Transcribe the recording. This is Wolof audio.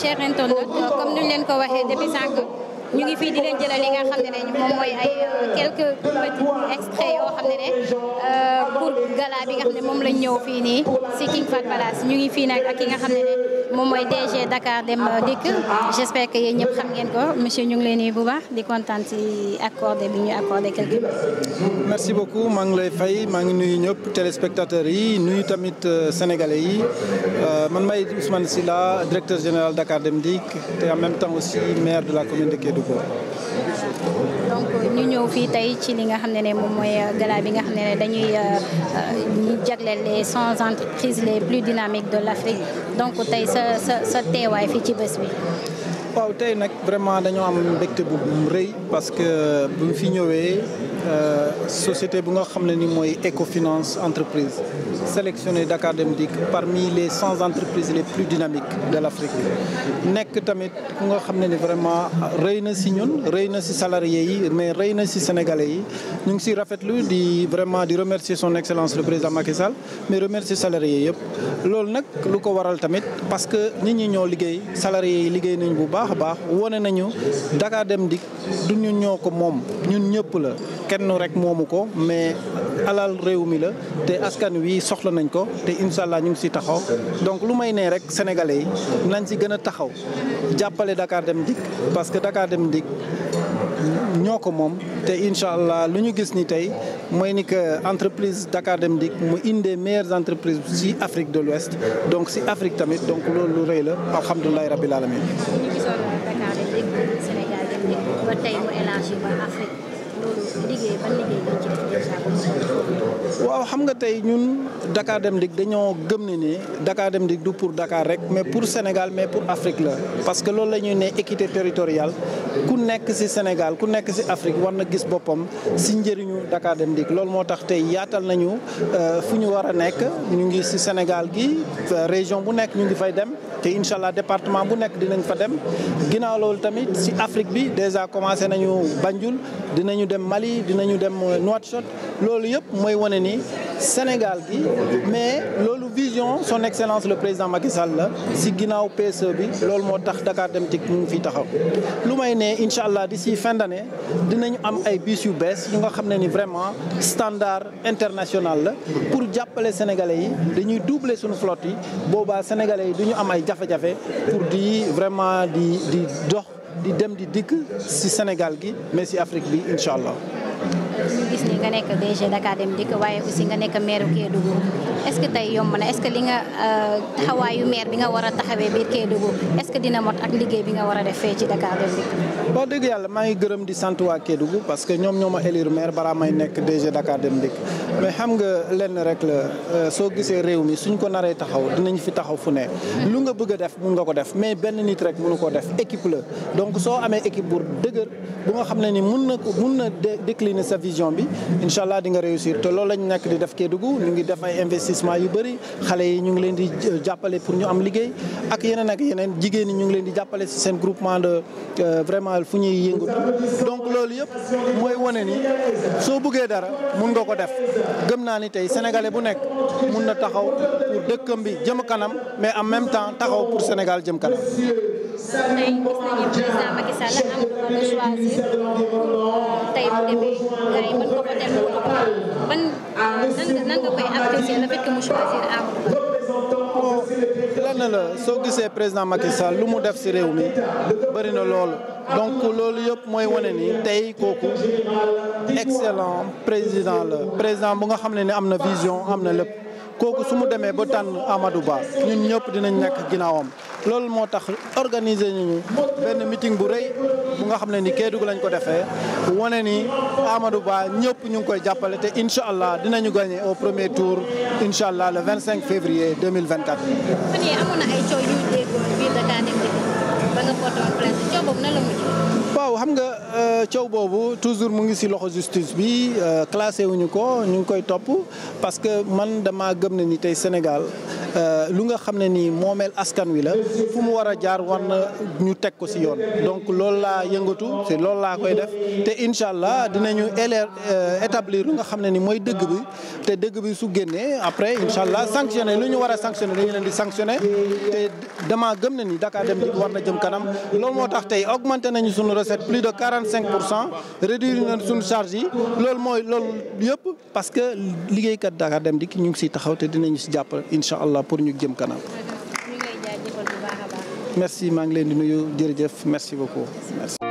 chers internautes comme ni ñu leen ko waxee depuis sànq ñu ngi fii di jëlal li nga xam ne ne moom mooy ay euh, quelques petits extraits yoo xam ne ne euh, pour gala bi nga xam ne moom lañ ñëw fi nii si King Fahd Palace ñu ngi fii nag ak ki nga xam ne ne moom mooy DG Dakar Dem Dikk j'espère que yéen ñëpp xam ngeen ko monsieur ñu ngi leen di bu baax di kontaan si accordé bi ñu accordé quelque merci beaucoup maa ngi lay fay maa ngi nuyu ñëpp yi nuyu tamit euh, sénégalais yi man may Ousmane Sylla directeur général d Dem Dikk te en même temps aussi donc ñu ñëw fii tey ci li nga xam ne ne moom mooy euh, gala bi nga xam ne ne dañuy ñu euh, euh, jagleel les cent entreprises les plus dynamiques de l'Afrique donc tey sa sa sa teewaay fii ci bés bi. waaw tey nag vraiment dañoo am mbégte bu rëy parce que bu ñu fi ñëwee euh, société bu nga xam ne ni mooy Ecofinance entreprise sélectionné Dakar Dem Dikk parmi les cent entreprises les plus dynamiques de l'Afrique nekk tamit ku nga xam ne ni vraiment rëy na si ñun rëy na si salariés yi mais rëy na si sénégalais yi ñu ngi siy rafetlu di vraiment di remercier son excellence le président Macky mais remercier salariés yëpp loolu nag lu ko waral tamit parce que nit ñu ñoo liggéey salariés yi liggéey nañ bu baax baax wone nañu Dakar Dem Dikk du ñu ñoo ko moom ñun ñëpp la kenn rek moomu ko mais alal réew mi la te askan wi soxla nañ ko te incha allah ñu ngi si taxaw donc lu may nee rek sénégalais yi nañ si gën a taxaw jàppale Dakar Dem Dikk parce que Dakar Dem Dikk ñoo ko moom te incha allah lu ñu gis ni tey mooy ni que entreprise Dakar Dem Dikk mu indee des meilleures entreprises ci Afrique de l'Ouest donc ci Afrique tamit donc loolu lu rëy la alhamdulilahi rabbil alamin waaw xam nga tey ñun Dakar Dem Dikk dañoo gëm ne ne Dakar Dem Dikk du pour Dakar rek mais pour Sénégal mais pour Afrique la parce que loolu la ne équité territoriale ku nekk ci Sénégal ku nekk ci Afrique war na gis boppam ci njëriñu Dakar Dem Dikk loolu moo tax te yaatal nañu euh, fu ñu war a nekk ñu ngi ci Sénégal gi euh, région bu nekk ñu ngi fay dem te incha allah département bu nekk dinañ fa dem ginnaaw loolu tamit si Afrique bi déjà commencé nañu Banjul dinañu dem Mali dinañu dem shot loolu yëpp mooy wane nii Sénégal gi mais loolu vision son excellence le président Macky Sall la si ginnaaw PSE bi loolu moo tax Dakar Dem Dikk mu ngi fii taxaw lu may ne incha allah di d'ici fin d'année dinañu am ay bis yu bees yu nga xam ne ni vraiment standard international la pour jàppale sénégalais yi dañuy duuble suñu flotte yi boobaa sénégalais yi du ñu am ay jafe-jafe pour di vraiment di di dox di dem di dikk si Sénégal gi mais si Afrique bi incha allah ñu gis ni nga nekk DG Dakar Dem Dikk waaye aussi nga nekk maire Kédougou est-ce que tey yomb na est-ce que li nga euh, taxawaayu maire bi nga war a taxawee biir Kédougou est-ce que dina mot ak liggéey bi nga war a def ci Dakar Dem Dikk wax dëgg yàlla maa ngi gërëm di sant waa Kédougou parce que ñoom ñoo ma élire maire balaa may nekk DG Dakar Dem Dikk mais xam nga lenn rek la euh, soo gisee réew mi suñ ko naree taxaw dinañ fi taxaw fu ne hmm. lu nga bëgg def mun nga ko def mais benn nit rek mënu koo def équipe la donc soo amee équipe bu dëgër bu nga xam ne ni mun na mun na décliner sa vision bi incha allah di nga réussir te loolu lañu nekk di def Kédougou ñu ngi def ay investissement yu bëri xale yi ñu ngi leen di euh, jàppale pour ñu am liggéey ak yeneen ak yeneen jigéen ñi ñu ngi leen di jàppale si seen groupement de euh, vraiment fu ñuy yëngatu donc loolu yëpp mooy wane ni soo buggee dara mun nga ko def gëm naa ni tey sénégalais bu nekk mun na taxaw pour dëkkam bi jëm kanam mais en même temps taxaw pour Sénégal jëm kanam. tey gis na koy apprécier le fait que mu choisir am. lenn la soo gisee président Macky Sall lu mu def ci réew mi bëri na loolu donc loolu yëpp mooy wane ni tey kooku excellent président la président bu nga xam ne ni am na vision am na lépp kooku su mu demee ba tànn Amadou Ba ñun ñëpp dinañ nekk ginnaawam loolu moo tax organiser ñu benn meeting bu rëy bu nga xam ne ni Kédougou lañ ko defee wane ni Amadou Ba ñëpp ñu ngi koy jàppale te incha allah dinañu gagné au premier tour incha allah le 25 février 2024. fan yii amoon na ba waaw xam nga euh, coow boobu toujours mu ngi si loxo justice bi euh, classé wuñu ko ñu ngi koy topp parce que man dama gëm ne ni tey Sénégal euh, lu nga xam ne nii moomeel askan wi la fu mu war a jaar war na ñu teg ko ci yoon donc loolu laa yëngatu ci loolu laa koy def te incha allah dinañu élèr établir lu nga xam ne ni mooy dëgg bi te dëgg bi su génnee après incha allah sanctionné lu ñu war a sanctionné dañu leen di sanctionné te dama gëm ne ni Dakar dem war na jëm kanam loolu moo tax tey augmenté nañu suñu recette plus de 45 pour cent réduire nañ suñu charge yi loolu mooy lool yëpp parce que liggéeykat Dakar Dem Dikk ñu ngi siy taxaw te dinañu si jàppale incha allah pour ñu jëm kanam. merci maa ngi leen di nuyu jërëjëf merci beaucoup merci.